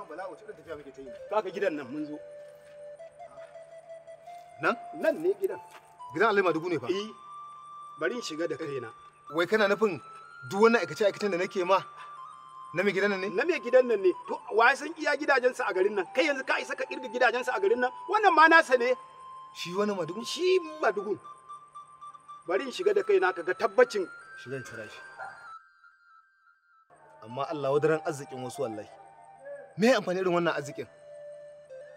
amma bala wace irin tafiya muke ta yi kaga gidan nan mun zo nan nan ne gidan gidan alima dubu ne fa eh bari in shiga da eh, kaina wai kana nufin duk wani aikace aikacen da nake ma na mai gidan nan ne na mai gidan nan ne to wa san iya gidajensa a garin nan kai yanzu ka isa ka kirga gidajensa a garin nan wannan ma nasa ne shi wani madugun shi madugun bari in shiga da kaina ka ga tabbacin shigan kira shi amma Allah wadaran arzikin wasu wallahi me ya amfani irin wannan arzikin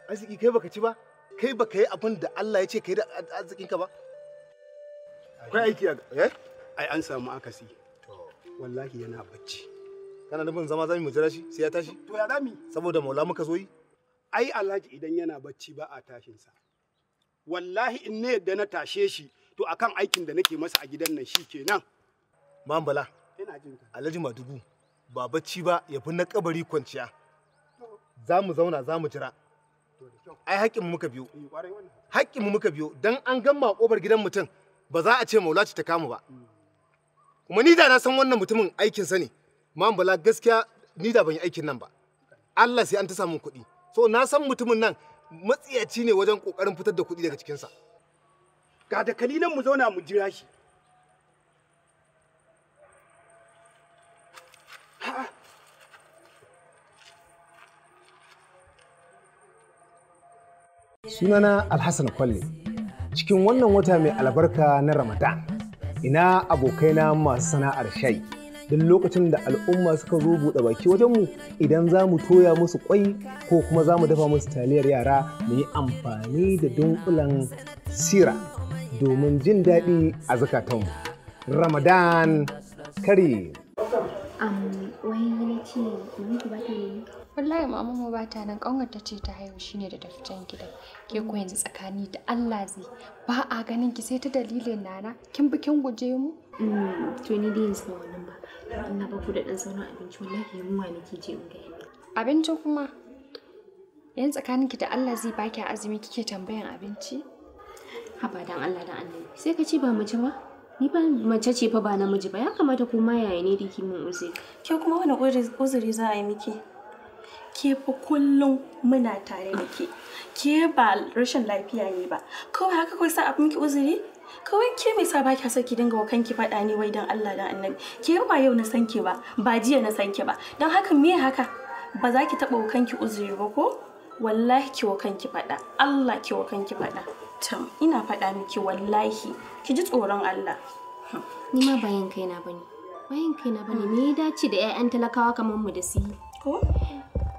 arziki kai baka ci ba kai baka yi abin da Allah ya ce kai da arzikin ka ba kai aiki eh ai an samu akasi wallahi yana bacci kana nufin zama zami mu jira shi sai ya tashi to ya zami saboda maula muka zo yi ai alhaji idan yana bacci ba a tashin sa wallahi in ne yadda na tashe shi to akan aikin da nake masa a gidan nan shikenan mambala ina jin ka alhaji madugu ba bacci ba ya fi na kabari kwanciya za mu zauna za mu jira ai haƙƙin muka biyo haƙƙin muka biyo dan an gama ƙofar gidan mutum ba za a ce maulaci ta kamu ba kuma ni da na san wannan mutumin aikin sa ne man bala gaskiya ni da ban yi aikin nan ba Allah sai an ta samu kuɗi so na san mutumin nan matsiyaci ne wajen ƙoƙarin fitar da kuɗi daga cikinsa ga da kalilan mu zauna mu jira shi sunana alhassan kwalle cikin wannan wata mai albarka na ramadan ina abokaina masu sana'ar shai duk lokacin da al'umma suka zo buɗe baki wajenmu idan za mu toya musu kwai ko kuma za mu dafa musu taliyar yara mu yi amfani da dunkulan sira domin jin daɗi a zukatanmu ramadan kare um, wallahi mama ba bata nan kaunar ta ce ta haihu shine da tafitan gidan ke ko yanzu tsakani da Allah zai ba a ganin ki sai ta dalilin nana kin bi kin guje mu mm, to ni dai yanzu wannan ba Allah ba ku da dan sauran abinci wallahi ma nake je in ga abinci kuma yan tsakanin ki da Allah zai baki azumi kike tambayan abinci haba dan Allah dan annabi sai ka ci ba mace ba ni ba mace ce fa ba namiji ba ya kamata kuma yaya ne da kimin uzuri ke kuma wani uzuri za a yi miki ke fa kullum muna tare da ke ke ba rashin lafiya ne ba kawai haka kawai sa abin ki uzuri kawai ke mai sa baki so ki dinga wa kanki fada ne wai dan Allah dan Annabi ke ba yau na san ki ba ba jiya na san ki ba dan haka me haka ba za ki taɓa wa kanki uzuri ba ko wallahi ki wa kanki fada Allah ki wa kanki fada tam ina fada miki wallahi ki ji tsoron Allah hmm. ni ma bayan kaina bane bayan kaina bane me ya dace da 'ya'yan talakawa kamar mu da su ko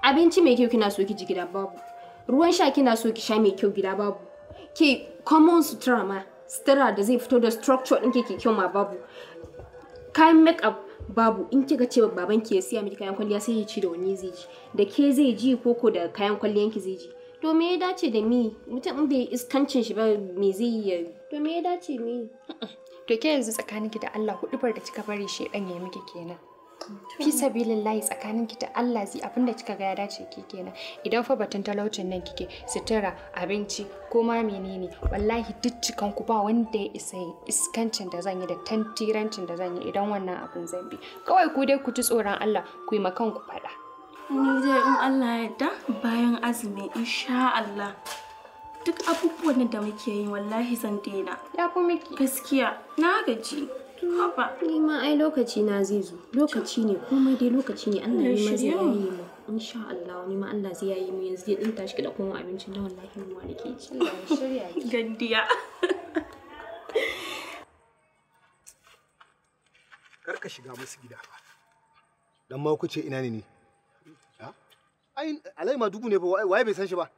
abinci mai kyau kina so ki ji gida babu ruwan sha kina so ki sha mai kyau gida babu ke common sutura ma sutura da zai fito da structure ɗin ke kyau ma babu kayan makeup babu in kika ce baban ki ya siya miki kayan kwalliya sai ya ci da wani zai ji da ke zai ji koko da kayan kwalliyan ki zai ji to me ya dace da mi mutum da ya iskancin shi ba me zai yi ya to me ya dace mi to ke yanzu tsakanin ki da Allah dubar da kika bari shedan ya miki kenan fi sabilillahi tsakanin ki ta Allah zai abinda kika ga ya dace ki kenan idan fa batun talaucin nan kike sutura abinci ko ma menene wallahi duk cikan ku ba wanda ya isa iskancin da zan yi da tantirancin da zan yi idan wannan abin zan bi kawai ku dai ku ji tsoron Allah ku yi makan ku faɗa ni dai in Allah ya yarda bayan azumi insha Allah duk abubuwan da muke yi wallahi zan daina ya fi miki gaskiya na gaji ni ma ai lokaci na zai zo lokaci ne komai dai lokaci ne Allah yi ma zai yayi mu insha Allah ni ma Allah zai yi mu yanzu dai din tashi ki da kuma abincin da wallahi mu nake ci shirya gandiya kar ka shiga musu gida fa dan ma ku ce ina ne ni ai alai ma dubu ne ba waye bai san shi ba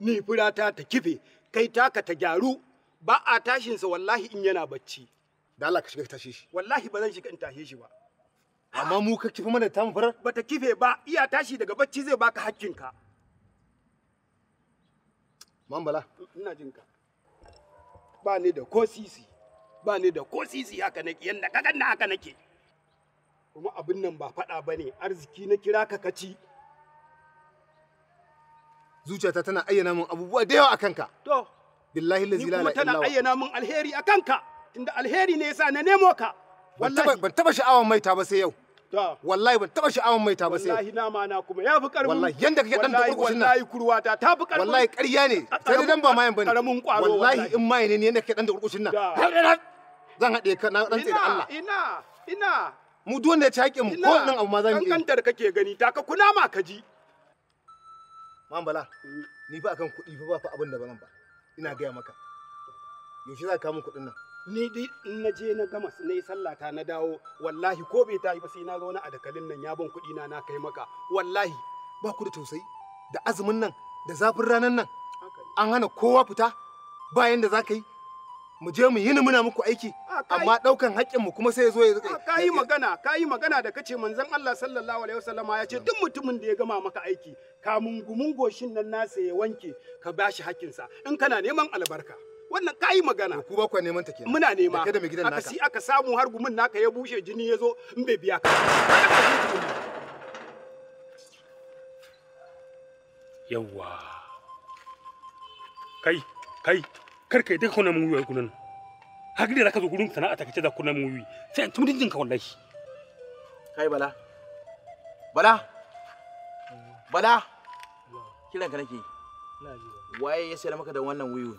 ni furata ta kife kai taka ta gyaru ba a tashinsa wallahi in yana bacci da Allah ka shiga ka tashe shi wallahi ba zan shiga in tashe shi ba amma mu ka kifi mana tamu farar bata kife ba iya tashi daga bacci zai baka hakkinka mambala ina jin ka ba ni da ko sisi ba ni da ko sisi haka nake yanda ka ganna haka nake kuma abin nan ba faɗa bane arziki na kira ka kaci zuciyata tana ayyana min abubuwa da yawa akan ka to billahi la ilaha illa tana ayyana min alheri akan ka tunda alheri ne yasa na nemo ka wallahi ban taba sha'awan maita ba sai yau wallahi ban taba sha'awan maita ba sai yau wallahi nama na kuma ya fi karmu wallahi yanda kake dan dukurkusin nan wallahi kurwata ta fi karmu wallahi ƙarya ne sai dai dan ba mayan bane karamin kwaro wallahi in mai ne yanda kake dan dukurkusin nan zan haɗe ka na rantsi da Allah ina ina mu duwan da ya ci haƙin mu ko nan abu ma zan yi kankantar kake gani ta ka kuna ma ka ji Mambala, ni ba kan kuɗi ba ba fa abin da ba nan ba. Ina gaya maka. Yaushe za ka kawo min kuɗin nan? ni di in na je na gama na yi sallata na dawo wallahi ko bai tafi ba sai na zauna a dakalin nan ya ban kuɗi na na kai maka wallahi ba ku da tausayi da azumin nan da zafin ranan nan an hana kowa fita bayan da za ka yi mu je mu yi ni muna muku aiki amma daukan haƙƙin mu kuma sai ya zo ya ka yi magana ka yi magana da kace manzon Allah sallallahu alaihi wasallam ya ce duk mutumin da ya gama maka aiki ka mungumun goshin nan nasa ya wanke ka bashi haƙƙinsa in kana neman albarka wannan kayi magana ku ba ku neman ta kenan muna nema da mai gidan naka aka si aka samu har gumin naka ya bushe jini ya zo in bai biya ka yawa kai kai kar kai duka kuna mun wuyi kunan haka da zaka zo gurin sana'a ta kace da kuna mun wuyi sai an tumin jinka wallahi kai bala bala bala kiran ka nake waye ya sayar maka da wannan wuyu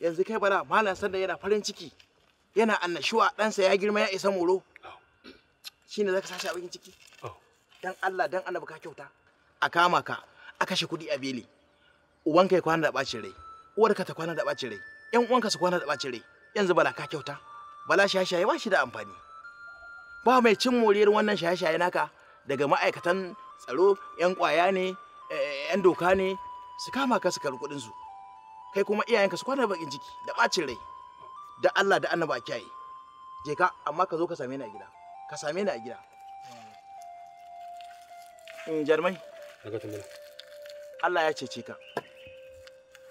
yanzu kai bara malam sanda yana farin ciki yana annashuwa ɗansa ya girma ya isa moro shine zaka sashi a bakin ciki dan Allah dan annabi ka kyauta a kama ka a kashe kuɗi a beli uwan ya kwana da ɓacin rai uwarka ta kwana da ɓacin rai yan uwanka su kwana da ɓacin rai yanzu bala ka kyauta bala shaye-shaye ba shi da amfani ba mai cin moriyar wannan shaye-shaye naka daga ma'aikatan tsaro yan kwaya ne yan eh, doka ne su kama ka su karɓi kuɗinsu su kai kuma iyayenka su kwana bakin ciki da bacin rai da Allah da annaba a kiyaye je ka amma ka zo ka same ni a gida ka same ni a gida in hmm, jarmai Allah ya cece ka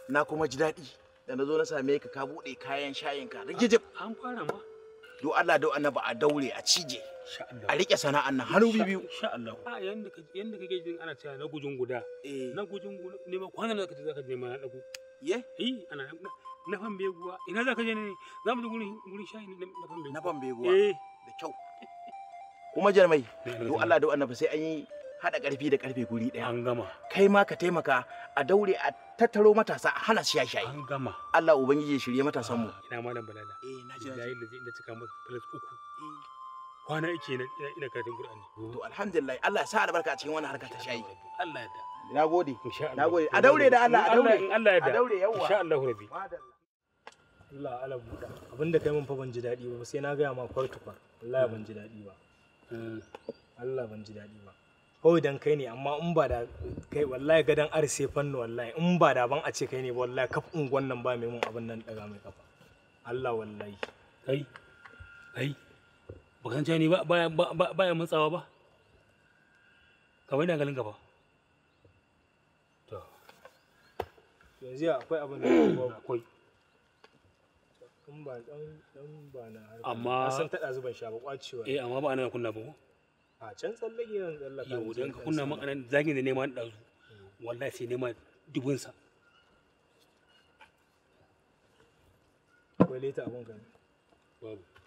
na kuma ji daɗi da na zo na same ka ka buɗe kayan shayinka rigijib an fara ma do Allah do annaba a daure a cije a rike sana'an nan bi biyu insha Allah a yanda kake yanda kake jin ana cewa na gujin guda eh. na gujin guda ne ma kwanan da kake zaka je ma na dago ye eh ana na fambe guwa ina za ka je ne za mu gurin gurin shayi ne na fambe na fambe guwa eh da kyau kuma jarmai do Allah do annabi sai an yi hada karfi da karfe guri daya an gama kai ma ka taimaka a daure a tattaro matasa a hana shaye shaye an gama Allah ubangiji ya shirye matasan mu ah, ina malam balala eh na ji da zai cika masa plus uku eh. kwana yake ina karatun Qur'ani to alhamdulillah Allah ya sa albarka a cikin wannan harka ta shayi Allah ya da na gode na gode a daure da Allah a daure in Allah ya da a daure yawa insha Allah rabbi Allah ala buɗa abinda kai mun fa ban ji daɗi ba sai na gaya ma kwartukwa Allah ban ji daɗi ba eh, Allah ban ji daɗi ba kawai dan kai ne amma in ba da kai wallahi gadan arse fanni wallahi in ba da ban a ce kai ne ba wallahi kaf unguwan nan ba mai mun abin nan daga mai kafa Allah wallahi kai kai bakan ne ba ba ba ya mutsawa ba kamar da galin gaba yanzu akwai abin da akwai na amma san zuban sha ba kwacewa eh amma ba ana kunna ba a can tsallake yan tsallaka yau dan ka kunna maka nan zagin da neman wallahi sai neman dubun sa babu